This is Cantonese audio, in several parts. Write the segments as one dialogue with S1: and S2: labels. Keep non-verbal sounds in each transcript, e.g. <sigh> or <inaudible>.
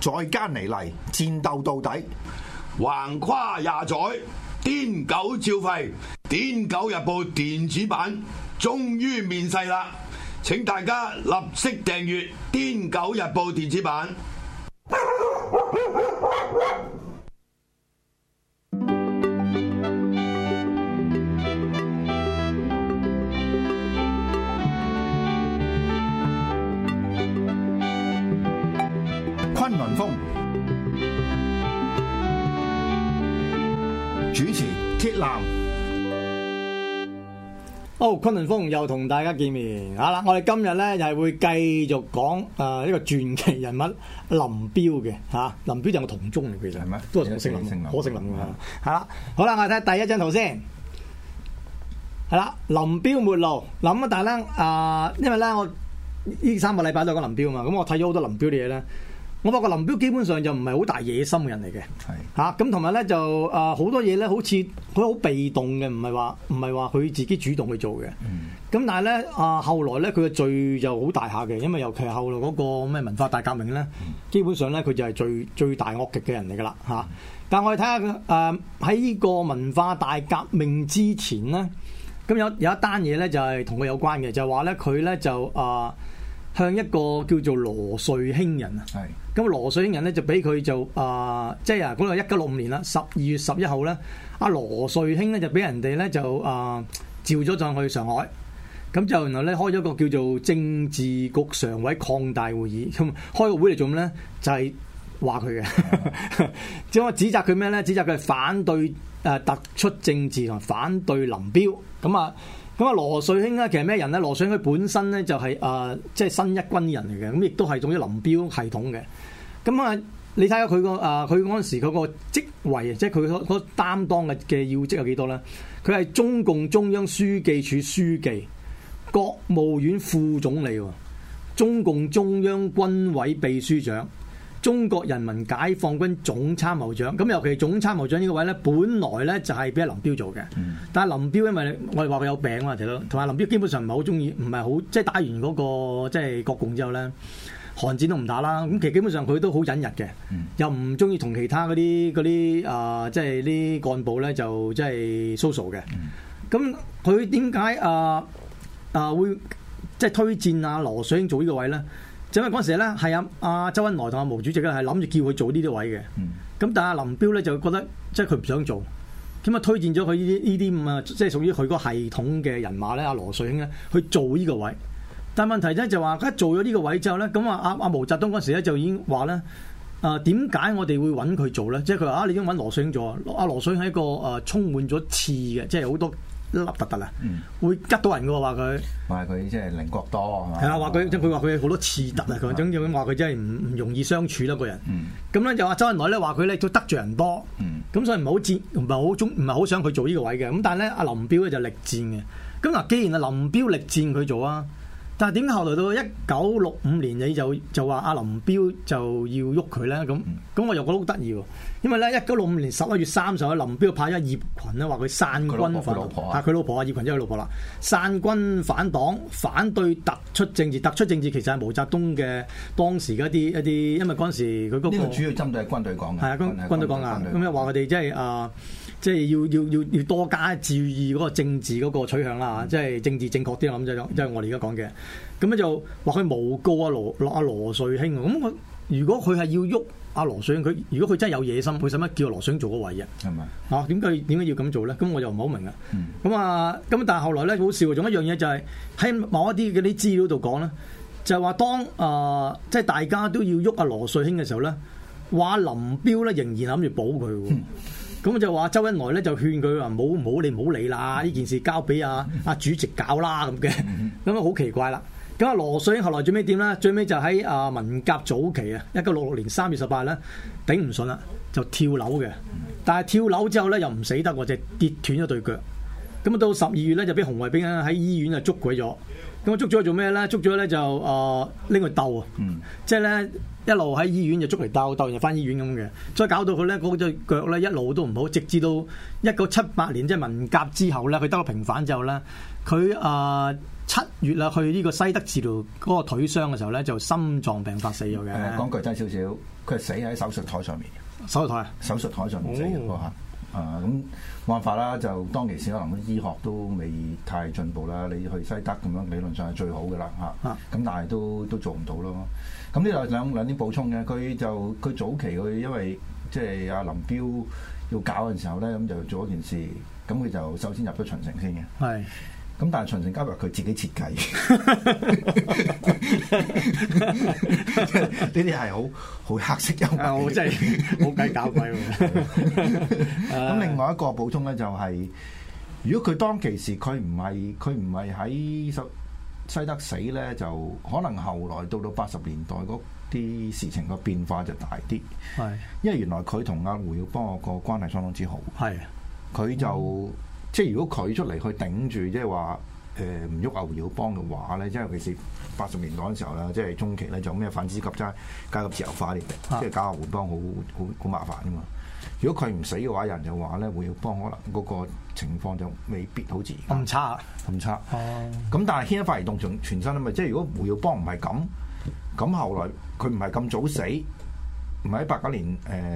S1: 再加尼嚟，戰鬥到底，橫跨廿載，癲狗照吠，癲狗日報電子版終於面世啦！請大家立即訂閱癲狗日報電子版。 <laughs>
S2: 崑崙風主持鐵男哦，崑崙風又同大家見面啊！啦，我哋今日咧又係會繼續講誒，一、呃呢個傳奇人物林彪嘅吓，林彪就係我同宗嘅，其實係咪？都係同姓林，我姓林，林啊！係啦，好啦，我哋睇下第一張圖先，係啦，林彪末路諗吓！但係咧啊，因為咧我呢三個禮拜都有講林彪啊嘛，咁我睇咗好多林彪嘅嘢咧。我發覺林彪基本上就唔係好大野心嘅人嚟嘅，吓，咁同埋咧就啊好、呃、多嘢咧，好似佢好被動嘅，唔係話唔係話佢自己主動去做嘅。咁、嗯、但係咧啊後來咧佢嘅罪就好大下嘅，因為尤其後來嗰個咩文化大革命咧，基本上咧佢就係最最大惡極嘅人嚟噶啦，吓、啊。但係我哋睇下誒喺呢個文化大革命之前咧，咁、嗯、有有一單嘢咧就係同佢有關嘅，就係話咧佢咧就啊。呃向一個叫做羅瑞卿人啊，咁羅瑞卿人咧就俾佢就啊，即係啊嗰個一九六五年啦，十二月十一號咧，阿羅瑞卿咧就俾人哋咧就啊、呃、召咗上去上海，咁就然後咧開咗個叫做政治局常委擴大會議，咁開個會嚟做咩咧？就係話佢嘅，即 <laughs> 我指責佢咩咧？指責佢係反對誒、呃、突出政治同反對林彪，咁啊。咁啊，羅瑞卿咧，其實咩人咧？羅瑞卿佢本身咧就係即係新一軍人嚟嘅，咁亦都係屬於林彪系統嘅。咁啊、那個，你睇下佢個啊，佢嗰陣時個職位，即係佢嗰擔當嘅嘅要職有幾多咧？佢係中共中央書記處書記、國務院副總理、中共中央軍委秘書長。中國人民解放軍總參謀長，咁尤其總參謀長呢個位咧，本來咧就係俾林彪做嘅。但係林彪因為我哋話佢有病問題咯，同埋林彪基本上唔係好中意，唔係好即係打完嗰個即係國共之後咧，韓戰都唔打啦。咁其實基本上佢都好隱逸嘅，又唔中意同其他嗰啲嗰啲啊，即係啲幹部咧就即係 social 嘅。咁佢點解啊啊會即係推薦阿羅水英做呢個位咧？就咪嗰時咧，係啊，阿周恩來同阿毛主席咧係諗住叫佢做呢啲位嘅。咁但係阿林彪咧就覺得即係佢唔想做，咁啊推薦咗佢呢啲呢啲咁啊，即係屬於佢個系統嘅人馬咧，阿羅瑞卿咧去做呢個位。但係問題咧就話佢一做咗呢個位之後咧，咁啊阿阿毛澤東嗰陣時咧就已經話咧啊點解我哋會揾佢做咧？即係佢話啊，你已經揾羅瑞卿做啊？阿羅瑞卿係一個啊充滿咗刺嘅，即係好多。粒、嗯、突突啦，會吉到人嘅話佢，話佢即
S1: 係棱角多係啊，
S2: 話佢佢話佢好多刺突啊！咁樣話佢真係唔唔容易相處咯，個、嗯、人。咁咧就阿周恩來咧話佢咧都得罪人多，咁、嗯、所以唔係好接，唔係好中，唔係好想佢做呢個位嘅。咁但係咧，阿林彪咧就力戰嘅。咁嗱，既然阿林彪力戰佢做啊，但係點解後來到一九六五年你就就話阿林彪就要喐佢咧？咁咁我又覺得好得意喎。因為咧，一九六五年十一月三十號，林彪派咗葉群咧，話佢散軍反黨，吓佢老,老婆啊，葉群即係佢老婆啦、啊，散軍反黨，反對突出政治，突出政治其實係毛澤東嘅當時嘅一啲一啲，因為嗰陣時佢、那個這個主要
S1: 針對係軍隊講嘅，係啊，軍軍隊講啊，咁
S2: 樣話佢哋即係啊，即係、就是呃就是、要要要要多加注意嗰個政治嗰個取向啦，即、嗯、係、就是、政治正確啲咁就是我，即係我哋而家講嘅，咁樣就話佢誣告阿羅阿羅瑞卿咁佢。如果佢係要喐阿羅瑞卿，佢如果佢真係有野心，佢使乜叫羅瑞卿做個位嘅？係嘛？啊，點解點解要咁做咧？咁我就唔係好明啊。咁、嗯、啊，咁但係後來咧好笑，仲有一樣嘢就係、是、喺某一啲嗰啲資料度講咧，就話、是、當啊、呃、即係大家都要喐阿羅瑞卿嘅時候咧，話林彪咧仍然諗住保佢喎。咁、嗯、就話周恩來咧就勸佢話冇唔好你唔好理啦，呢件事交俾阿阿主席搞啦咁嘅，咁啊好奇怪啦。咁啊，羅瑞卿後來最尾點咧？最尾就喺啊，文革早期啊，一九六六年三月十八咧，頂唔順啦，就跳樓嘅。但係跳樓之後咧，又唔死得喎，就跌斷咗對腳。咁啊，到十二月咧，就俾紅衛兵喺醫院啊捉鬼咗。咁啊，捉咗做咩咧？捉咗咧就啊拎佢鬥啊，即係咧一路喺醫院就捉嚟鬥，鬥完又翻醫院咁嘅。所以搞到佢咧嗰隻腳咧一路都唔好，直至到一九七八年即係、就是、文革之後咧，佢得咗平反之後咧，佢啊。呃七月啦，去呢個西德治療嗰個腿傷嘅時候咧，就心臟病發死咗嘅。講句真
S1: 少少，佢係死喺手術台上面。
S2: 手術台手術台上面死嘅啊，咁、哦、冇
S1: 辦法啦，就當其時可能醫學都未太進步啦。你去西德咁樣理論上係最好嘅啦嚇。咁、啊、但係都都做唔到咯。咁呢度兩兩點補充嘅，佢就佢早期佢因為即係阿林彪要搞嘅時候咧，咁就做了一件事。咁佢就首先入咗秦城先嘅。係。咁但係長城嘉樂佢自己設計，呢啲係好好黑色幽默，真係冇計搞鬼。咁另外一個補充咧，就係如果佢當其時佢唔係佢唔係喺西西德死咧，就可能後來到到八十年代嗰啲事情個變化就大啲。係，因為原來佢同阿胡耀邦我個關係相當之好，係佢就。即係如果佢出嚟去頂住，即係話誒唔喐胡耀邦嘅話咧，即係尤其是八十年代嘅時候啦，即係中期咧就咩反資急齋加入自由化嚟嘅，啊、即係搞下胡耀邦好好好麻煩啊嘛。如果佢唔死嘅話，人就話咧胡耀邦可能嗰個情況就未必好似。唔差、啊、差，唔差。哦。咁但係牽一發而動全身啊嘛，即係如果胡耀邦唔係咁，咁後來佢唔係咁早死。唔係喺八九年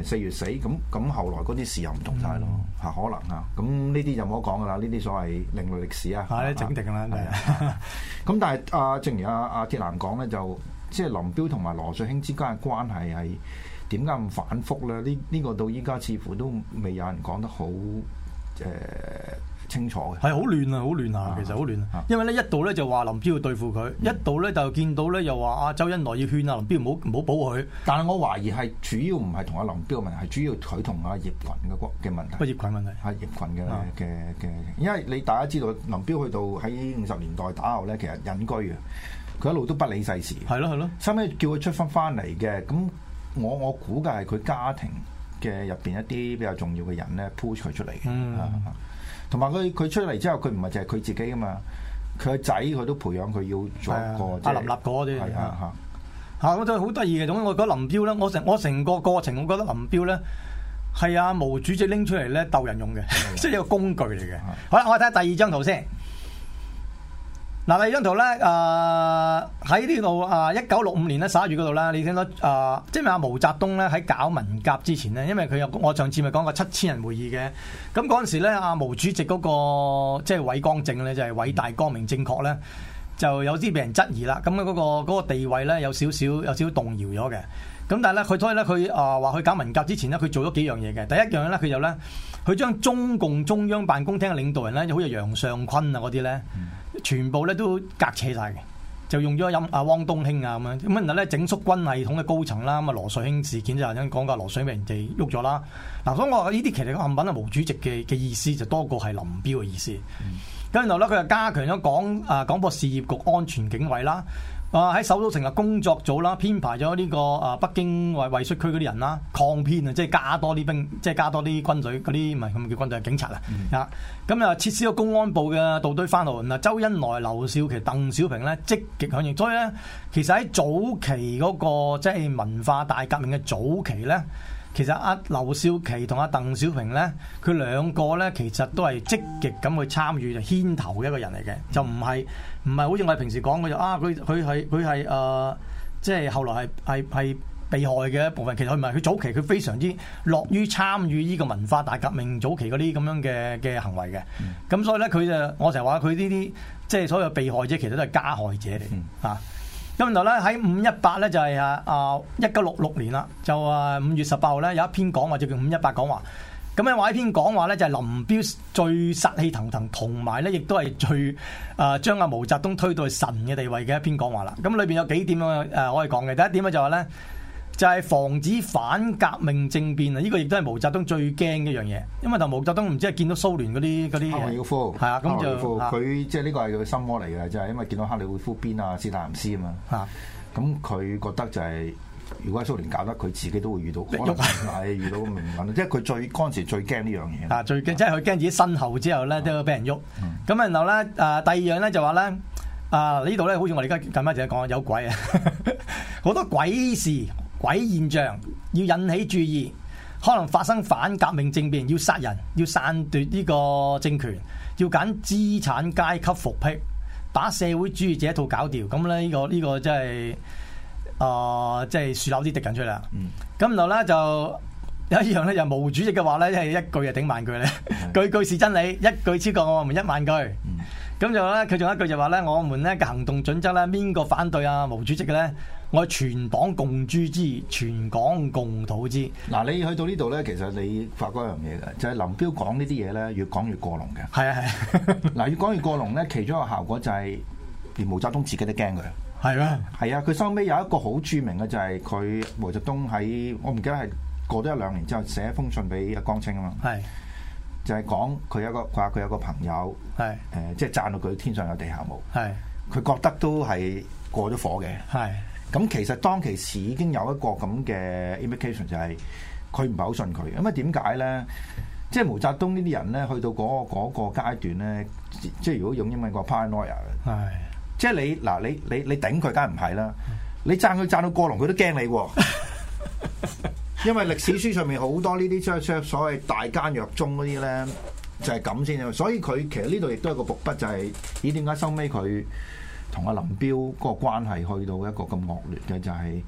S1: 誒四月死，咁咁後來嗰啲事又唔同晒咯嚇，可能嚇，咁呢啲就冇得講噶啦，呢啲所謂另類歷史啊，係咧整定啦。咁、 <laughs> 嗯、但係阿、啊、正如阿、啊、阿鐵男講咧，就即係、就是、林彪同埋羅瑞卿之間嘅關係係點解咁反覆咧？呢呢、這個到依家似乎都未有人講得好
S2: 誒。呃清楚嘅，係好亂啊，好亂啊，其實好亂啊。因為咧，一度呢就話林彪要對付佢，嗯、一度呢就見到呢又話阿周恩來要勸阿、啊、林彪唔好唔好保佢。他但係我懷疑
S1: 係主要唔係同阿林彪嘅問題，係主要佢同阿葉群嘅關嘅問題。個葉群的問題,群問題群，阿葉群嘅嘅嘅，因為你大家知道林彪去到喺五十年代打後呢，其實隱居嘅，佢一路都不理世事。係咯係咯，收尾叫佢出翻翻嚟嘅。咁我我估計係佢家庭嘅入邊一啲比較重要嘅人呢，push 佢出嚟嘅。嗯是同埋佢佢出嚟之後，佢唔係淨係佢自己啊嘛，佢個仔佢都培養佢要
S2: 做一個阿、啊就是啊、林立果啲啊嚇嚇我真好得意嘅。總我覺得林彪咧，我成我成個過程，我覺得林彪咧係啊，毛主席拎出嚟咧鬥人用嘅，即係、啊、 <laughs> 個工具嚟嘅、啊。好啦，我睇下第二張圖先。嗱，第二張圖咧，誒，喺呢度啊，一九六五年咧，十一月嗰度啦，你睇到誒，即係阿毛澤東咧，喺搞文革之前咧，因為佢又我上次咪講過七千人會議嘅，咁嗰陣時咧，阿毛主席嗰個即係偉光正咧，就係偉大光明正確咧，就有啲俾人質疑啦，咁嗰個嗰個地位咧，有少少有少少動搖咗嘅，咁但係咧，佢所以咧，佢誒話去搞文革之前咧，佢做咗幾樣嘢嘅，第一樣咧，佢就咧，佢將中共中央辦公廳嘅領導人咧，就好似楊尚昆啊嗰啲咧。全部咧都隔扯晒，嘅，就用咗阿汪東興啊咁樣，咁啊然咧整縮軍系統嘅高層啦，咁啊羅水興事件就係因講過羅水被人哋喐咗啦，嗱、嗯、所以我呢啲其實暗品啊，毛主席嘅嘅意思就多過係林彪嘅意思，咁、嗯、然後咧佢又加強咗廣啊廣播事業局安全警衛啦。啊！喺首都城嘅工作組啦，編排咗呢個啊北京衛戍區嗰啲人啦，擴編啊，即係加多啲兵，即係加多啲軍隊嗰啲，唔係咁叫軍隊警察啦。啊、嗯，咁啊施咗公安部嘅導堆翻嚟，嗱，周恩來、劉少奇、鄧小平咧積極響應，所以咧，其實喺早期嗰、那個即係、就是、文化大革命嘅早期咧。其實阿劉少奇同阿鄧小平咧，佢兩個咧，其實都係積極咁去參與就牽頭嘅一個人嚟嘅，就唔係唔係好似我哋平時講嘅就啊，佢佢係佢係誒，即係、呃就是、後來係係係被害嘅一部分。其實佢唔係，佢早期佢非常之樂於參與呢個文化大革命早期嗰啲咁樣嘅嘅行為嘅。咁、嗯、所以咧，佢就我成日話佢呢啲即係所有被害，害者，其實都係加害者嚟。啊。咁嗱，咧喺五一八咧就係啊啊一九六六年啦，就啊五月十八號咧有一篇講話，就叫做五一八講話。咁樣話呢篇講話咧就係林彪最殺氣騰騰，同埋咧亦都係最啊將阿毛澤東推到係神嘅地位嘅一篇講話啦。咁裏邊有幾點嘅誒可以講嘅，第一點咧就係咧。就係、是、防止反革命政變啊！呢、這個亦都係毛澤東最驚嘅一樣嘢，因為就毛澤東唔知係見到蘇聯嗰啲啲，克里沃夫係啊，咁就佢即
S1: 係呢個係佢心魔嚟嘅。就係、是、因為見到克里沃夫邊啊斯大林斯啊嘛，咁佢、啊、覺得就係、是、如果喺蘇聯搞得佢，佢自己都會遇到可能係遇到命運，即係佢最嗰陣時最驚呢樣嘢
S2: 啊！最驚、啊、即係佢驚自己身後之後咧、啊、都俾人喐，咁、嗯、然後咧第二樣咧就話咧啊這裡呢度咧好似我哋而家近排淨講有鬼啊，好 <laughs> 多鬼事。鬼現象要引起注意，可能發生反革命政變，要殺人，要篡奪呢個政權，要揀資產階級復辟，把社會主義者一套搞掉。咁咧、這個這個呃嗯、呢個呢個真係啊，即係樹立啲敵緊出嚟啦。咁然後咧就有一樣咧，就毛主席嘅話咧，係一句就頂萬句咧， <laughs> 句句是真理，一句超過我們一萬句。嗯咁就咧，佢仲有一句就話咧，我們咧嘅行動準則咧，邊個反對啊毛主席嘅咧？我全黨共誅之，全港共討之。嗱、啊，你去到呢度咧，其實你發覺一樣嘢嘅，就係、是、林彪講呢啲嘢咧，越
S1: 講越過籠嘅。係 <laughs> 啊係。嗱，越講越過籠咧，其中一個效果就係，連毛澤東自己都驚佢。係啊，係啊，佢收尾有一個好著名嘅就係，佢毛澤東喺我唔記得係過咗一兩年之後，寫封信俾阿江青啊嘛。係。就係講佢有個佢話佢有個朋友，誒即係讚到佢天上有地下冇，佢覺得都係過咗火嘅。咁其實當其時已經有一個咁嘅 implication 就係佢唔係好信佢。咁啊點解咧？即、就、係、是、毛澤東這些呢啲人咧，去到嗰、那個那個階段咧，即係如果用英文講 paranoia，即係你嗱你你你頂佢梗係唔係啦？你讚佢讚到過龍，佢都驚你喎、啊。 <laughs> 因為歷史書上面好多呢啲將將所謂大奸若忠嗰啲呢，就係咁先。所以佢其實呢度亦都有個伏筆，就係咦，點解收尾佢同阿林彪嗰個關係去到一個咁惡劣嘅，就係、是。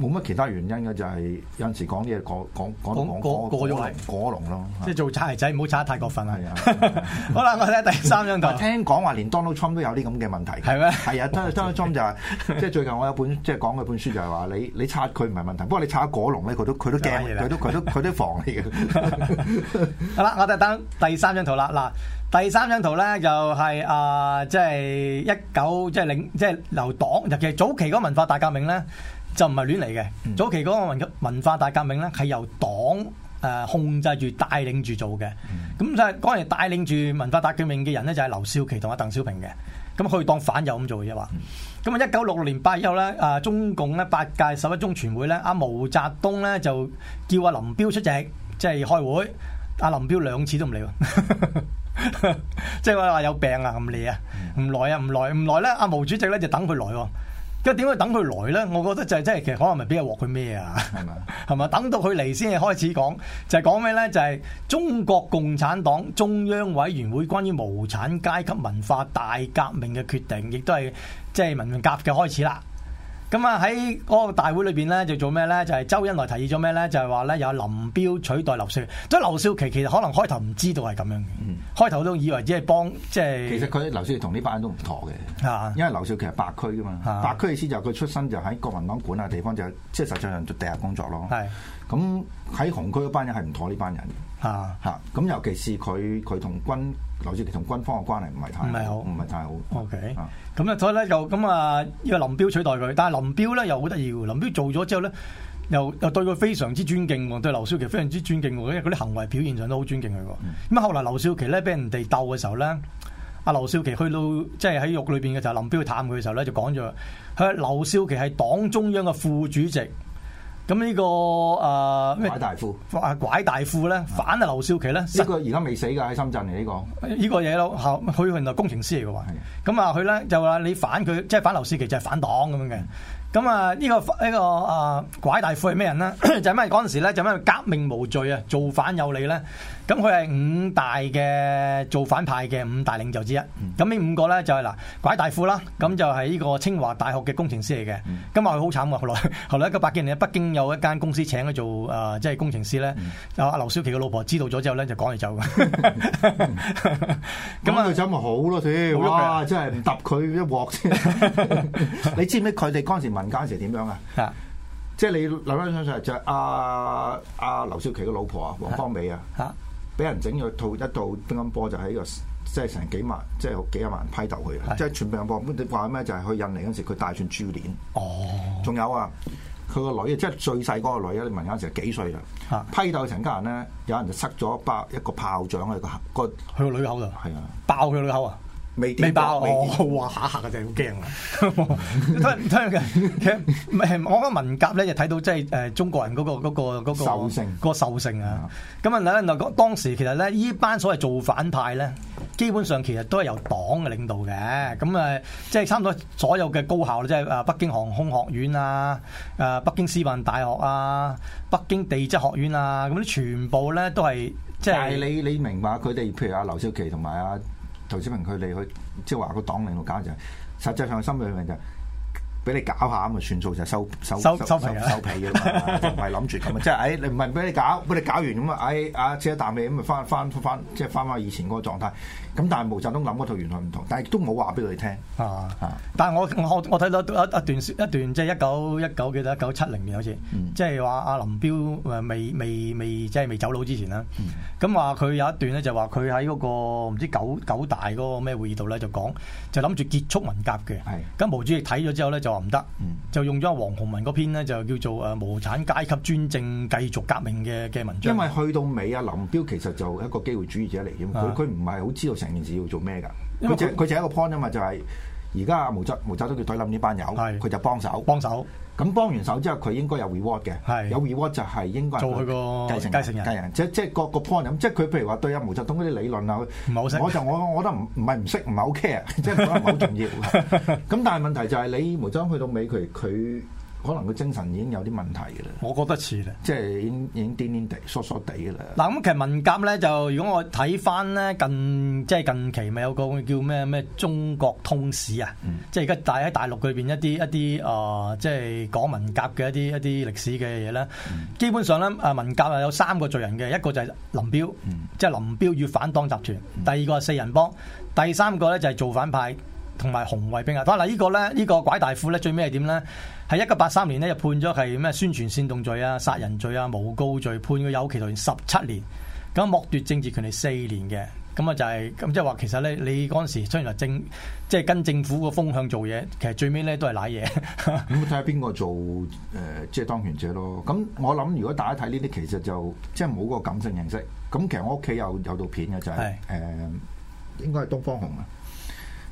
S1: 冇乜其他原因嘅，就係、是、有陣時講嘢講講講過過咗嚟過龍
S2: 咯。你做拆泥仔，唔好拆得太過分啦。
S1: 係啊， <laughs> 好啦，我睇第三張圖。 <laughs> 聽講話連 Donald Trump 都有啲咁嘅問題，係咩？係啊 <laughs> ，Donald <laughs> Trump 就即、是、係、就是、最近我有本即係、就是、講嘅本書就係話你你拆佢唔係問題， <laughs> 不過你拆過龍咧，佢都佢都，都驚，佢 <laughs> 都佢都佢都防
S2: 你嘅。 <laughs> <laughs> 好啦，我哋等第三張圖啦。嗱，第三張圖咧就係、是、啊，即係一九即係領即係留黨尤其早期嗰個文化大革命咧。就唔係亂嚟嘅，早期嗰個文化大革命咧，係由黨誒控制住、帶領住做嘅。咁就係嗰時帶領住文化大革命嘅人咧，就係劉少奇同阿鄧小平嘅。咁佢當反右咁做嘅啫嘛。咁啊，一九六六年八月後咧，啊中共咧八屆十一中全會咧，阿毛澤東咧就叫阿林彪出席，即係開會。阿林彪兩次都唔嚟喎，即係話有病啊，咁你啊，唔來啊，唔來，唔來咧。阿毛主席咧就等佢來喎。咁點解等佢來呢？我覺得就係即係其實可能係俾人鑊佢咩啊？係嘛，係嘛，等到佢嚟先係開始講，就係講咩咧？就係、是、中國共產黨中央委員會關於無產階級文化大革命嘅決定，亦都係即係文革嘅開始啦。咁啊，喺嗰個大會裏面咧就做咩咧？就係、是、周恩來提議咗咩咧？就係話咧有林彪取代劉少奇，所以劉少奇其實可能開頭唔知道係咁樣，開頭都以為只係幫即係、就是。其實佢
S1: 劉少奇同呢班人都唔妥嘅，因為劉少奇係白區噶嘛，白區意思就係佢出身就喺國民黨管嘅地方，就即、是、係實際上做地下工作咯。係咁，喺紅區嗰班人係唔妥呢班人啊，咁尤其是佢佢同軍。劉少奇同軍方嘅關係唔係
S2: 太唔係好，唔係太好。OK，咁啊，所以咧就咁啊，呢個林彪取代佢，但係林彪咧又好得意喎。林彪做咗之後咧，又又對佢非常之尊敬喎，對劉少奇非常之尊敬喎，因為佢啲行為表現上都好尊敬佢喎。咁啊，後來劉少奇咧俾人哋鬥嘅時候咧，阿劉少奇去到即係喺獄裏邊嘅就林彪去探佢嘅時候咧就講咗，佢劉少奇係黨中央嘅副主席。咁呢、這個誒咩、呃？拐大富，拐大富咧，反劉少奇咧。呢佢而家未死㗎喺深圳嚟呢、這個。呢、這個嘢咯，佢原來工程師嚟嘅喎。咁啊，佢咧就話你反佢，即、就、係、是、反劉少奇就係反黨咁樣嘅。咁啊、這個，呢個呢個誒拐大富係咩人咧、嗯？ <coughs> 就係咩嗰陣時咧就咩、是、革命無罪啊，造反有理咧。咁佢係五大嘅做反派嘅五大領袖之一。咁、嗯、呢五個咧就係嗱，蒯大富啦。咁就係呢個清華大學嘅工程師嚟嘅。咁啊佢好慘嘅，後來後來一九八幾年，北京有一間公司請佢做誒、呃，即係工程師咧。阿劉少奇嘅老婆知道咗之後咧，就趕佢走。咁、嗯嗯、啊，走咪好咯？添哇，真係揼佢一鑊先。
S1: <laughs> 你知唔知佢哋嗰陣時民間時點樣啊？即係你諗翻上去，就阿阿劉少奇嘅老婆王啊，王光美啊。俾人整咗套一套乒乓波就喺個即係成幾萬即係、就是、幾十萬人批鬥佢，即係全乒乓波。你話咩？就係去印尼嗰陣時，佢戴串珠鏈。哦，仲有啊，佢、就是、個女即係最細嗰個女啊，你問嗰陣時幾歲啦？批鬥成家人咧，有人就塞咗爆一個炮仗喺、那個個
S2: 佢個女口度，係啊，爆佢個女口啊！未爆我，未我哇嚇下嘅真係好驚啊！聽唔聽嘅？唔係我講文革咧，看就睇到即係誒中國人嗰、嗰個嗰、嗰個嗰、嗰個個獸性啊！咁啊，嗱嗱講當時其實咧，呢班所謂造反派咧，基本上其實都係由黨嘅領導嘅。咁啊，即係差唔多所有嘅高校即係誒北京航空學院啊、誒北京師範大學啊、北京地質學院啊，咁啲全部咧都係即係你你明白佢哋，譬如阿
S1: 劉少奇同埋阿。投資評佢哋去，即係話個黨名個假象，實際上心裏面就是。俾你搞下咁啊，算數就收收收收皮啦，唔係諗住咁啊， <laughs> <laughs> 即係誒，你唔係俾你搞，俾你搞完咁啊，誒、哎，啊，扯一啖味咁啊，翻翻翻即係翻翻以前嗰
S2: 個狀態。咁但係毛澤東諗嗰套原來唔同，但係亦都冇話俾佢哋聽。但係我我睇到一段一段即係一,一九一九,一九幾多一九七零年好似、嗯就是，即係話阿林彪誒未未未即係未走佬之前啦。咁話佢有一段咧就話佢喺嗰個唔知九九大嗰個咩會議度咧就講，就諗住結束文革嘅。咁、嗯、毛主席睇咗之後咧就。唔得，就用咗黃鴻文嗰篇咧，就叫做誒無產階級專政繼續革命嘅嘅文章。因為
S1: 去到尾啊，林彪其實就一個機會主義者嚟嘅，佢佢唔係好知道成件事要做咩噶。佢就佢就係一個 point 啊嘛，就係而家啊毛澤毛澤東佢懟冧呢班友，係佢就幫手幫手。咁幫完手之後，佢應該有 reward 嘅。係有 reward 就係應該做佢個繼承繼承人。即人即個個 point 咁，即係佢譬如話對阿毛澤東嗰啲理論啊，唔係好識。我就我我覺得唔唔係唔識，唔係 OK 啊，好 care, <laughs> 即係唔係好重要。咁 <laughs> 但係問題就係你毛澤東去到尾，佢佢。可能個精神已經有啲問題嘅啦，我覺得似啦，即係已經已經顛顛地、疏疏地嘅
S2: 啦。嗱，咁其實文革咧，就如果我睇翻咧近即係、就是、近期咪有個叫咩咩中國通史啊，嗯、即係而家大喺大陸裏邊一啲一啲、呃、即係講文革嘅一啲一啲歷史嘅嘢咧。基本上咧文革啊有三個罪人嘅，一個就係林彪，嗯、即係林彪與反黨集團；嗯、第二個係四人幫；第三個咧就係造反派。同埋紅衛兵啊！嗱，呢個咧，呢個蒯大富咧，最尾係點咧？係一九八三年咧，就判咗係咩宣傳煽動罪啊、殺人罪啊、誣告罪，判咗有期徒刑十七年，咁剝奪政治權利四年嘅。咁啊、就係，就係咁，即係話其實咧，你嗰陣時雖然話政，即係跟政府個風向做嘢，其實最尾咧都係賴嘢。
S1: 咁睇下邊個做誒，即、呃、係、就係、當權者咯。咁我諗，如果大家睇呢啲，其實就即係冇個感性認識。咁其實我屋企有有套片嘅就係、是、誒、呃，應該係《東方紅》啊。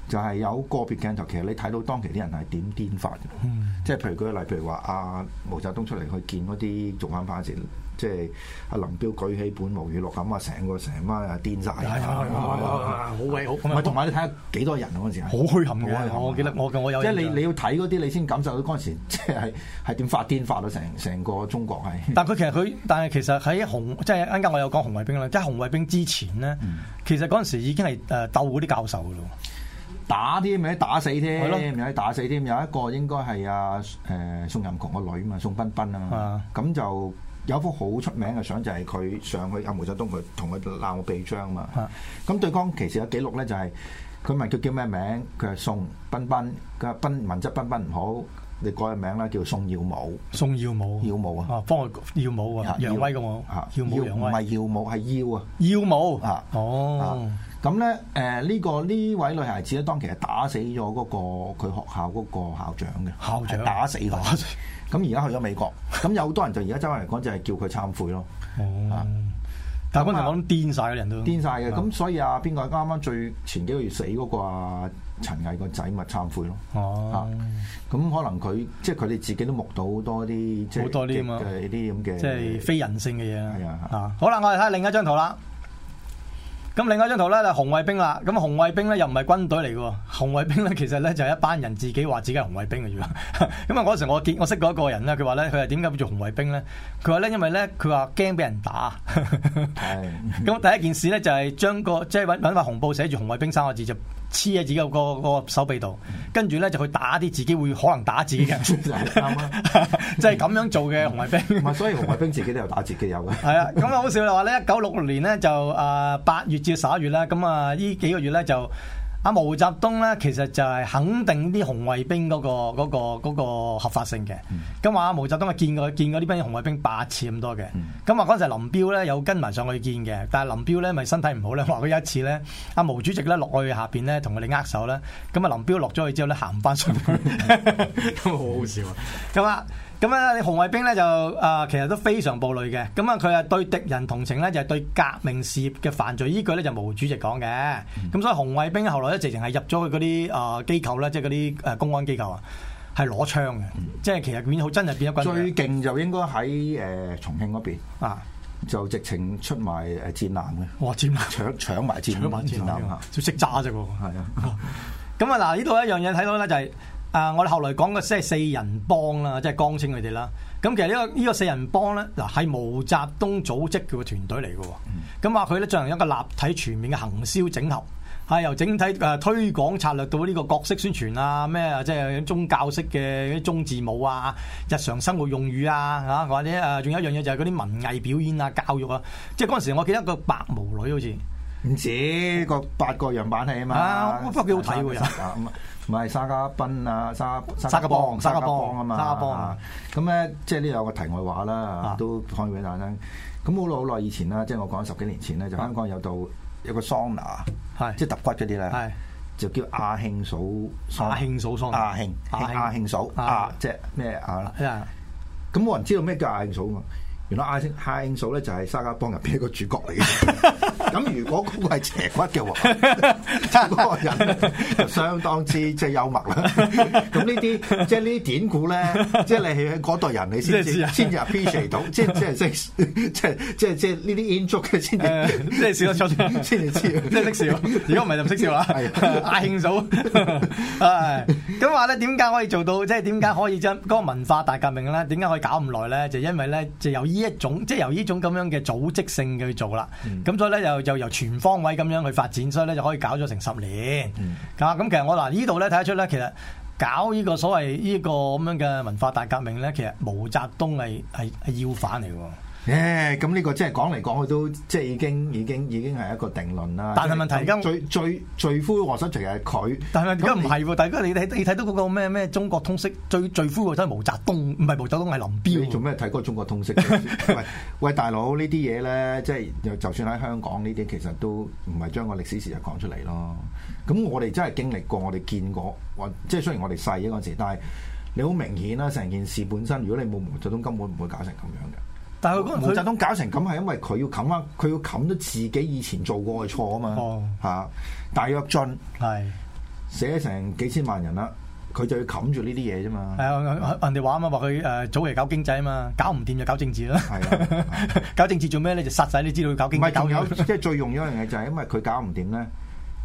S1: 就係有個別鏡頭，其實你睇到當期啲人係點癲發嘅，即係譬如舉個例，譬如話阿毛澤東出嚟去見嗰啲左派分子，即係阿林彪舉起本《毛語錄》咁啊，成個成班啊癲晒。好鬼好，同埋你睇下幾多人嗰陣時，好虛涵。我記得我我有即係你
S2: 你要睇嗰啲，你先感受到嗰陣時，即係係點發癲發到成成個中國係。但佢其實佢，但係其實喺紅，即係啱啱我有講紅衛兵啦，即係紅衛兵之前咧，其實嗰陣時已經係誒鬥嗰啲教授嘅咯。打添，咪啲打死添，咪啲打死
S1: 添。有一個應該係阿誒宋任窮個女啊嘛，宋彬彬啊嘛。咁就有一幅好出名嘅相，就係佢上去阿毛澤東佢同佢鬧臂章啊嘛。咁對方其實有記錄咧，就係佢問佢叫咩名，佢係宋彬彬。佢話彬文質彬彬唔好，你改個名啦，叫宋耀武。宋耀武，耀武啊，方耀武啊，楊威嘅武，耀武楊威唔係耀武係耀啊，耀武啊，哦。咁咧，呢、呃這個呢位女孩子咧，當其實打死咗嗰個佢學校嗰個校長嘅，校長打死佢。咁而家去咗美國，咁 <laughs> 有好多人就而家周圍嚟講，就係叫佢懺悔咯。嗯
S2: 啊、但係嗰陣講癲晒嘅人都，癲晒嘅。咁、啊、所以啊，
S1: 邊個啱啱最前幾個月死嗰個陳、啊、陳毅個仔咪懺悔咯？哦、啊，咁、啊、可能佢即係佢哋自己都目睹多啲，即係好多啲咁嘅啲嘅，即係
S2: 非人性嘅嘢啦。啊，好啦，我哋睇下另一張圖啦。咁另外一張圖咧，嗱，紅衛兵啦。咁紅衛兵咧又唔係軍隊嚟嘅喎，紅衛兵咧其實咧就係一班人自己話自己係紅衛兵嘅啫。咁啊，嗰時候我見我識過一個人咧，佢話咧佢係點解要做紅衛兵咧？佢話咧，因為咧佢話驚俾人打。咁、哎、第一件事咧就係將個即係揾揾塊紅布寫住紅衛兵三個字就黐喺自己個個手臂度，跟住咧就去打啲自己會可能會打自己人，即係咁樣做嘅紅衛兵。所以紅衛兵
S1: 自己都有打自己、， <laughs> 嗯、自己有嘅。
S2: 係啊，咁啊好笑就話咧，一九六六年咧就誒八月。至十一月啦，咁啊，呢幾個月咧就阿毛澤東咧，其實就係肯定啲紅衛兵嗰、嗰個、嗰個、嗰個合法性嘅。咁話阿毛澤東啊，見過見過呢班紅衛兵八次咁多嘅。咁話嗰陣時林彪咧有跟埋上去見嘅，但係林彪咧咪身體唔好咧，話佢有一次咧，阿毛主席咧落去下邊咧同佢哋握手咧，咁啊林彪落咗去之後咧行翻上去，咁好好笑啊，咁啊。咁啊，紅衛兵咧就啊，其實都非常暴戾嘅。咁啊，佢啊對敵人同情咧，就係、對革命事業嘅犯罪依據咧，就毛主席講嘅。咁、嗯、所以紅衛兵後來一直係入咗去嗰啲啊機構咧，即係嗰啲公安機構啊，係攞槍嘅。嗯、即係其實變好真係變咗軍。最
S1: 勁就應該喺、呃、重慶嗰邊啊，就直情出埋戰艦嘅。哇！戰艦搶埋戰艦，
S2: 搶埋戰艦識揸啫喎。係啊。咁 <laughs> 啊，嗱呢度一樣嘢睇到咧，就係、係。啊！我哋後來講嘅即係四人幫啦，即係江青佢哋啦。咁其實呢、呢個呢、呢個、四人幫咧，嗱、啊、係毛澤東組織佢嘅團隊嚟嘅。咁話佢咧進行一個立體全面嘅行銷整合，係、啊、由整體、啊、推廣策略到呢個角色宣傳啊，咩即係宗教式嘅啲中字母啊，日常生活用語啊或者仲有一樣嘢就係嗰啲文藝表演啊、教育啊。即係嗰陣時，我記得個白毛女好似唔知，
S1: 個八個樣板戲啊嘛，都幾好睇喎。嗯啊啊啊啊人唔係沙家賓啊，沙沙家邦，沙家邦啊嘛，咁咧、啊、即係呢有個題外話啦、啊，都可以俾大家聽。咁好耐好耐以前啦，即係我講十幾年前咧，就香港有道有個桑拿，係即係揼骨嗰啲咧，就叫阿慶嫂桑，阿慶嫂桑，阿慶阿阿慶嫂，阿，慶阿慶、啊啊、即係咩阿啦？咁、啊、冇人知道咩叫阿慶嫂啊？原來阿阿慶嫂咧就係沙家浜入邊一個主角嚟嘅，咁如果嗰個係邪骨嘅話，即係嗰個人，相當之即係幽默啦。咁呢啲即係呢啲典故咧，即係你係嗰代人你先先入編劇到，即係即係即係即係即係呢啲建築嘅先，即係少得先嚟知，即係識笑。如果唔係就唔識笑啦。阿慶
S2: 嫂，係咁話咧，點解可以做到？即係點解可以將嗰個文化大革命咧，點解可以搞咁耐咧？就是、因為咧，就係有呢一種即係由呢種咁樣嘅組織性去做啦，咁、嗯、所以咧又又由全方位咁樣去發展，所以咧就可以搞咗成十年啊。咁、嗯、其實我嗱呢度咧睇得出咧，其實搞呢個所謂呢個咁樣嘅文化大革命咧，其實毛澤東係係係要反嚟㗎。
S1: 咁、欸，呢個即係講嚟講去都即係已經、已經、已經係一個定論啦。但係問題，
S2: 最最最灰我所提係佢。但係而家唔係喎，大家你睇你睇到嗰個咩咩中國通識最最灰我所係毛澤東，唔係毛澤東係林彪。你做咩睇嗰個中國通識？識
S1: <laughs> 喂，大佬呢啲嘢咧，即係就算喺香港呢啲，其實都唔係將個歷史事實講出嚟咯。咁我哋真係經歷過，我哋見過，即係雖然我哋細啊嗰陣時，但係你好明顯啦，成件事本身，如果你冇毛澤東，根本唔會搞成咁樣嘅。但係，毛澤東搞成咁係因為佢要冚啊，佢要冚咗自己以前做過嘅錯啊嘛。嚇、哦啊，大躍進，係死咗成幾千萬人啦，佢就要冚住呢啲嘢啫嘛。
S2: 係啊，啊，人哋話啊嘛，話佢誒早期搞經濟啊嘛，搞唔掂就搞政治啦。係啊，啊 <laughs> 搞政治做咩咧？就殺曬你知道佢搞經濟搞。即 <laughs>
S1: 係最容易一樣嘢，就係因為佢搞唔掂咧。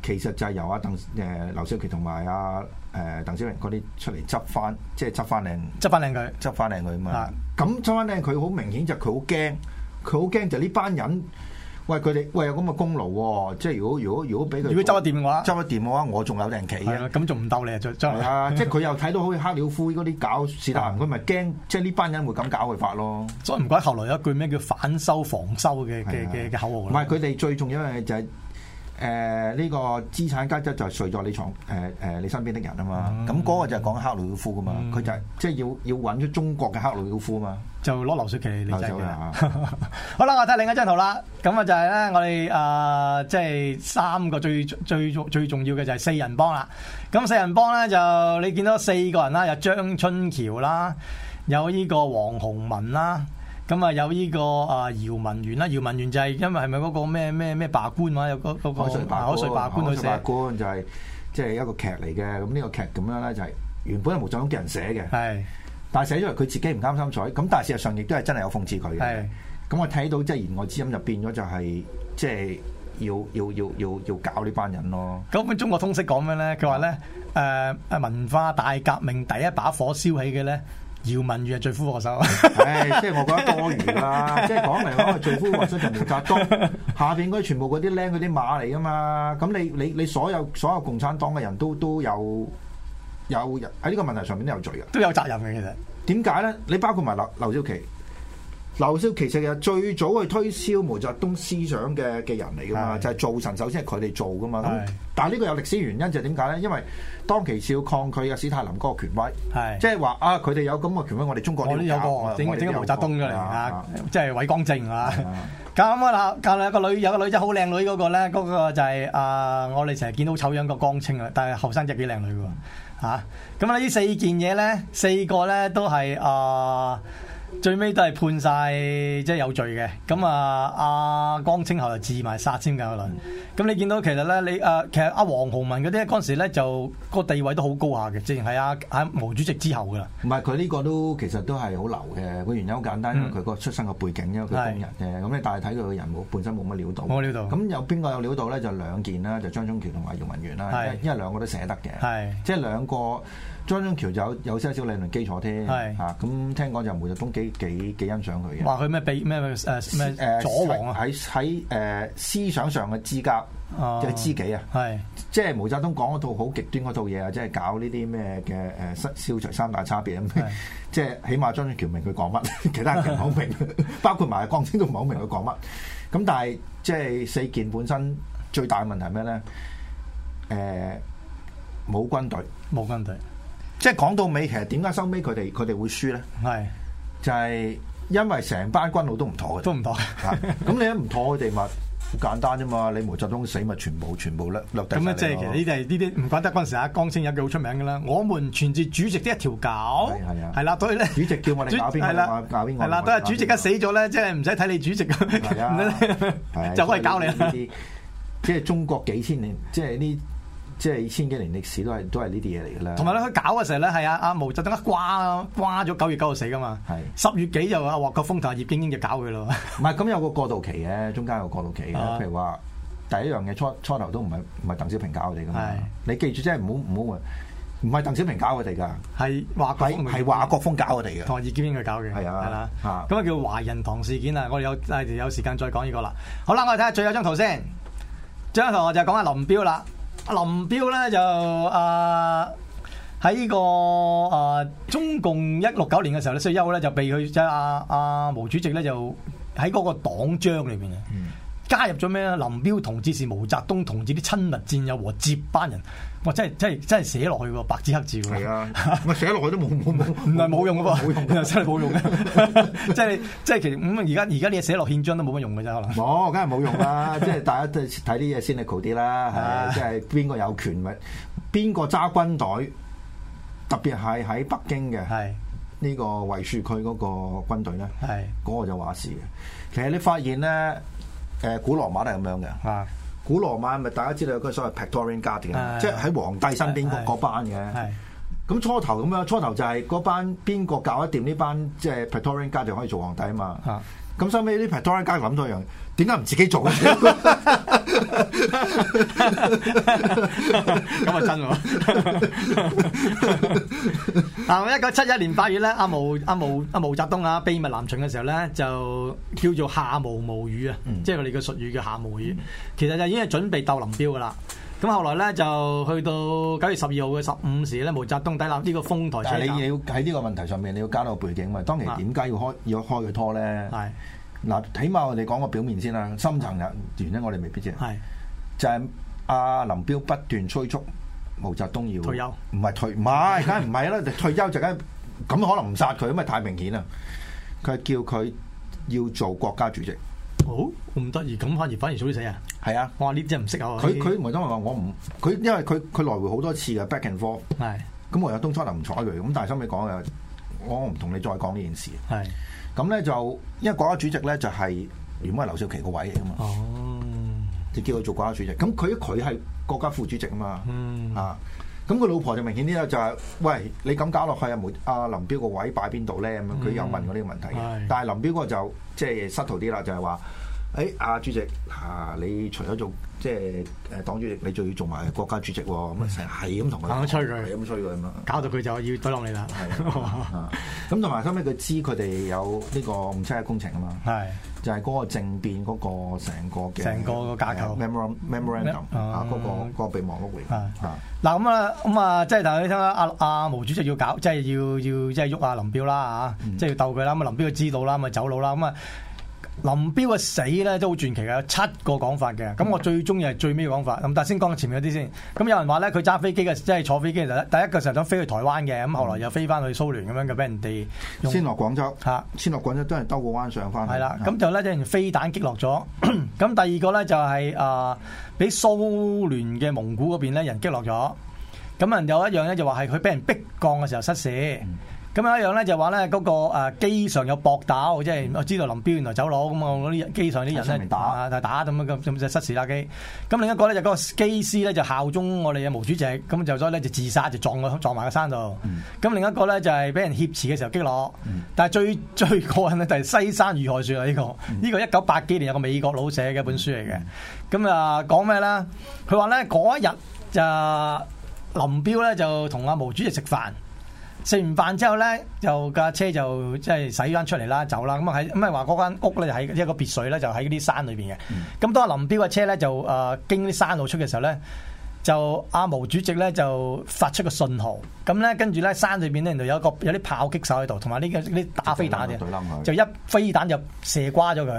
S1: 其實就係由阿鄧誒劉少奇同埋阿誒鄧小平嗰啲出嚟執翻，即係執翻靚執翻靚佢，執翻靚佢啊！咁執翻靚佢好明顯就佢好驚，佢好驚就呢班人喂佢哋喂，喂有咁嘅功勞，哦，即係如果如果如果俾佢如果執掂嘅話，執咗掂嘅話，我仲有定企。
S2: 咁仲唔鬥你啊？你 <laughs> 即係即係佢又睇到好
S1: 似赫魯曉夫嗰啲搞事。但行，佢咪驚即係呢班人會咁搞佢法咯？所以唔怪後來有一句咩叫反修防修嘅嘅嘅口號唔係佢哋最重要嘅就係、是。誒、呃、呢、這個資產階級就睡咗你床誒誒你身邊的人啊嘛，咁、嗯、嗰、那個就係講赫魯曉
S2: 夫噶嘛，佢、嗯、就係即係要要揾出中國嘅赫魯曉夫啊嘛，就攞劉少奇嚟做嘅。你 <laughs> 好啦，我睇另一張圖啦，咁啊就係咧，我哋誒即係三個最最最重要嘅就係四人幫啦。咁四人幫咧就你見到四個人啦，有張春橋啦，有呢個王洪文啦。咁、這個、啊，有呢個啊姚文元啦，姚文元就係因為係咪嗰個咩咩咩罷官嘛、啊？有嗰、那、嗰個海瑞罷官，海瑞罷
S1: 官就係即係一個劇嚟嘅。咁呢個劇咁樣咧，就係原本係毛澤東叫人寫嘅，但係寫咗佢自己唔啱心水。咁但係事實上亦都係真係有諷刺佢嘅。咁我睇到即係言外之音就變咗就係即係要要要要要
S2: 搞呢班人咯。咁《中國通識呢》講咩咧？佢話咧誒文化大革命第一把火燒起嘅咧。姚文元係罪魁禍首， <laughs> 唉、哎，即係我覺得多餘啦。 <laughs> 即係講嚟講，係罪魁禍首同毛澤東下邊嗰啲全部嗰啲僆嗰啲馬嚟噶嘛。
S1: 咁你你你所有所有共產黨嘅人都都有有人喺呢個問題上面都有罪嘅，都有責任嘅。其實點解咧？你包括埋劉劉少奇。劉少其實又最早去推銷毛澤東思想嘅嘅人嚟噶嘛，是就係做神，首先係佢哋做噶嘛。咁但係呢個有歷史原因就點解咧？因為當其時要抗拒啊史太林嗰個權威，
S2: 即係話啊，佢哋有咁嘅權威，我哋中國麼有我都有，個我有個個過，整整毛澤東嘅嚟啊，即係偉光正啊。咁啊嗱，隔籬有個女，有個女仔好靚女嗰、那個咧，嗰、那個就係、是呃、我哋成日見到醜樣個江青是的啊，但係後生仔幾靚女噶，吓咁啊呢四件嘢咧，四個咧都係啊。呃最尾都係判晒，即係有罪嘅，咁啊阿江青後就自埋殺先嘅嗰輪。咁、嗯、你見到其實咧，你誒、啊、其實阿王洪文嗰啲嗰陣時咧，就、個地位都好高下嘅，即係喺毛主席之後噶啦。
S1: 唔係佢呢個都其實都係好流嘅，個原因好簡單，因為佢個出生嘅背景，嗯、因為佢工人嘅，咁你但係睇到佢人冇本身冇乜料到。冇料到。咁有邊個有料到咧？就兩件啦，就張春橋同埋姚文元啦，因為兩個都捨得嘅。係。即係兩個。張春橋就有有些少理論基礎添，吓咁、啊、聽講就毛澤東幾幾幾欣賞佢嘅。話佢咩咩誒咩誒左王喺喺誒思想上嘅資格，即、就、係、是、知己啊。係即係毛澤東講嗰套好極端嗰套嘢啊，即係搞呢啲咩嘅誒消除三大差別啊。即係起碼張春橋明佢講乜，其他人都唔好明白， <laughs> 包括埋江青都唔明佢講乜。咁 <laughs> 但係即係四件本身最大嘅問題係咩咧？誒、呃，冇軍隊，冇軍隊。即係講到尾，其實點解收尾佢哋佢哋會輸咧？係就係、是、因為成班軍佬都唔妥嘅，都唔妥。咁 <laughs> 你都唔妥佢哋，咪好簡單啫嘛？你毛澤東死咪全部全部咧落。咁咧即係其
S2: 實呢啲唔怪得嗰陣時阿江青有句好出名嘅啦。我們全接主席的一條狗，係啊，係啦，所以咧主席叫我哋邊個，
S1: 搞邊個，係啦，都係主席
S2: 一死咗咧，即係唔使睇你主席 <laughs> 就可以搞你啦。即係中國幾
S1: 千年， <laughs> 即係呢。即係千幾年歷史都係都係呢啲嘢嚟㗎啦。同
S2: 埋佢搞嘅時候咧，係啊啊毛就等下掛掛咗九月九號就死㗎嘛。係十月幾又啊，華國鋒同葉劍英就搞佢咯。唔係咁有個過渡期嘅，中間有個過渡期嘅。譬如話第一樣嘢，初初頭都唔
S1: 係唔係鄧小平搞我哋㗎嘛。你記住，即係唔好唔好唔係鄧小平搞我哋㗎。係
S2: 華係華國鋒搞我哋嘅。同葉劍英佢搞嘅係啦，咁啊，叫華人堂事件啊，我哋有有時間再講呢個啦。好啦，我哋睇下最後一張圖先。最後張圖我就講下林彪啦。林彪咧就啊喺呢個啊中共一六九年嘅時候咧，退休咧就被佢即係阿阿毛主席咧就喺嗰個黨章裏邊嘅。嗯加入咗咩？林彪同志是毛澤東同志啲親密戰友和接班人，哇！真係真係真係寫落去的，白紙黑字。係啊，寫 <laughs> 落去都冇用的，唔係冇用噶噃，冇用的真係冇用的 <laughs> <laughs> 即。即係即係其實咁而家而家你寫落憲章都冇乜用嘅啫，可能冇，梗係冇用啦、 <laughs> 啊。即係大家都睇啲嘢先係清啲啦，即
S1: 係邊個有權咪邊個揸軍隊，特別係喺北京嘅呢、這個衛戍區嗰個軍隊咧，嗰、那個就話事嘅。其實你發現咧。誒古羅馬都係咁樣嘅，古羅馬咪大家知道有個所謂 Praetorian Guard 即係喺皇帝身邊嗰班嘅。咁初頭咁樣，初頭就係嗰班邊個教得掂呢班即係、就是、Praetorian Guard 就可以做皇帝啊嘛。咁收尾啲 Praetorian Guard 諗咗樣，點解唔自己做呢？ <laughs>
S2: 咁 <laughs> 啊真喎！嗱， <laughs> 一九七一年八月咧，阿毛阿毛阿毛澤東啊，秘密南巡嘅時候咧，就叫做下毛毛雨啊，即係我哋個術語叫下毛雨，其實就已經係準備鬥林彪噶啦。咁後來咧就去到九月十二號嘅十五時咧，毛澤東抵攬呢個豐台車站。但係你
S1: 要喺呢個問題上面，你要加個背景嘛？當其時點解要開要開個拖咧？係。嗱，起碼我哋講個表面先啦，深層嘅原因我哋未必知。係就係、是、阿林彪不斷催促毛澤東要退休，唔係退唔係，梗係唔係啦？退休就梗咁可能唔殺佢，因為太明顯啦。佢係叫佢要做國家主席，
S2: 好咁得意，咁反而反而早啲死啊？係啊，真的不懂我話呢啲真係唔識啊！佢佢
S1: 毛澤東話我唔，佢因為佢佢來回好多次嘅 back and forth，咁我有當初就唔睬佢咁但係心尾講嘅，我唔同你再講呢件事。係。咁咧就，因為國家主席咧就係、是、原本係劉少奇個位嚟噶嘛，oh. 就叫佢做國家主席。咁佢佢係國家副主席啊嘛，mm. 啊，咁佢老婆就明顯啲啦，就係、是，喂，你咁搞落去啊，冇阿林彪個位擺邊度咧？咁佢又問過呢個問題，mm. 但係林彪個就即係失徒啲啦，就係、是、話。就是誒、哎，阿主席，啊、你除咗做即係誒黨主席，你仲要做埋國家主席喎、哦，咁啊成係咁同佢，咁吹
S2: 佢，咁吹佢咁搞到佢就要對望你啦。
S1: 咁同埋收尾佢知佢哋有呢個五七一工程啊嘛，就係、是、嗰個政變嗰個成個嘅成架構 memorandum 嗰、嗯那個嗰、那個備
S2: 忘錄嚟嗱，咁啊咁啊，即係、啊、大家聽下阿阿毛主席要搞，即、就、係、是、要、就是、要即喐阿林彪啦即係、嗯就是、要鬥佢啦，咁林彪要知道啦，咁啊走佬啦，咁、嗯、啊。林彪嘅死咧都好傳奇嘅，有七個講法嘅。咁我最中意係最尾嘅講法。咁但係先講前面嗰啲先。咁有人話咧，佢揸飛機嘅，即係坐飛機嘅時候，第一個時候想飛去台灣嘅。咁後來又飛翻去蘇聯咁樣被，嘅俾人哋先落廣州吓，先落廣州都係兜個彎上翻。係啦，咁就咧一陣飛彈擊落咗。咁 <coughs> 第二個咧就係、是、啊，俾、呃、蘇聯嘅蒙古嗰邊咧人擊落咗。咁人有一樣咧就話係佢俾人逼降嘅時候失事。嗯咁啊，一樣咧就話咧嗰個誒機上有搏打，即係我知道林彪原來走佬咁啊，啲機上啲人咧打啊打咁樣咁就失事拉機。咁另一個咧就嗰個機師咧就效忠我哋嘅毛主席，咁就所以咧就自殺，就撞撞埋個山度。咁、嗯、另一個咧就係、是、俾人挾持嘅時候擊落。嗯、但係最最過癮咧就係、是《西山遇害說》啊、這個！呢、嗯這個呢個一九八幾年有個美國佬寫嘅一本書嚟嘅。咁啊講咩咧？佢話咧嗰一日就林彪咧就同阿毛主席食飯。食完飯之後咧，就架車就即係洗翻出嚟啦，走啦。咁啊喺咁啊話嗰間屋咧就喺一個別墅咧，就喺、是、啲山裏面嘅。咁當林彪嘅車咧就誒、呃、經啲山路出嘅時候咧。就阿毛主席咧就發出個信號，咁咧跟住，咧山裏邊咧就有一個有啲炮擊手喺度，同埋呢個啲打飛彈嘅，就一飛彈就射瓜咗佢。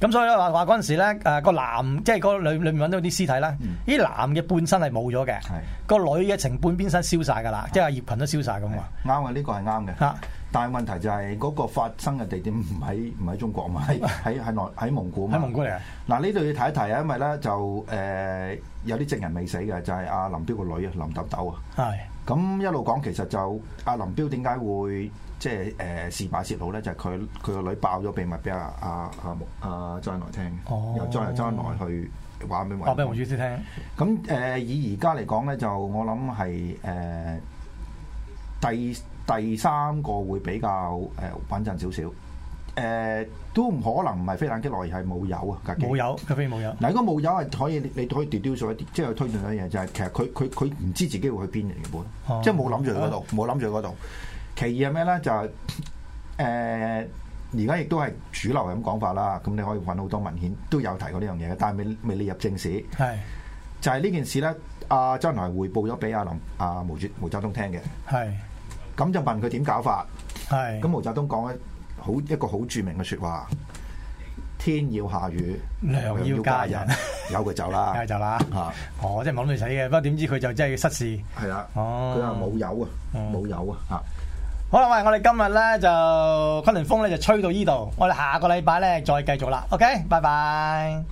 S2: 咁、嗯、所以話話嗰陣時咧，誒、嗰個男即係個裏面揾到啲屍體啦，啲、嗯、男嘅半身係冇咗嘅，個女嘅情這個女嘅成半邊身燒晒噶啦，即係葉群都燒晒咁話。
S1: 啱啊，呢個係啱嘅。但係問題就係嗰個發生嘅地點唔喺唔喺中國嘛？喺喺喺內喺蒙古嘛？喺蒙古嚟啊！嗱呢度要提一提啊，因為咧就、呃、有啲證人未死嘅，就係、是、阿、啊、林彪個女啊，林豆豆啊。咁一路講其實就阿林彪點解會即係誒事敗泄露咧？就係佢佢個女爆咗秘密俾阿阿阿阿張來聽，哦、然後再由張來去話俾黃黃主委聽。咁、呃、以而家嚟講咧，就我諗係、呃、第。第三個會比較誒穩陣少少，誒、呃、都唔可能唔係飛彈擊落，而係無油啊架機。無油架飛機無油。嗱，個無油係可以，你可以 deduce 即係推斷一樣嘢，就係其實佢佢佢唔知自己會去邊原本，即係冇諗住嗰度，冇諗住嗰度。其二係咩咧？就係誒而家亦都係主流嘅咁講法啦。咁你可以揾好多文獻都有提過呢樣嘢，但係未未列入正史。係就係、是、呢件事咧，阿周恩來回報咗俾阿林阿、啊、毛主毛澤東聽嘅。係。咁就問佢點搞法？咁毛澤東講好一個好著名嘅說話：天要下雨，娘要嫁人，有就走啦，走啦！
S2: 我真係冇乜嘢使嘅，不過點知佢就真係要失事。係啦，佢話冇有啊，冇油啊！嚇！好啦，喂，我哋今日咧就崑崙風咧就吹到依度，我哋下個禮拜咧再繼續啦。OK，拜拜。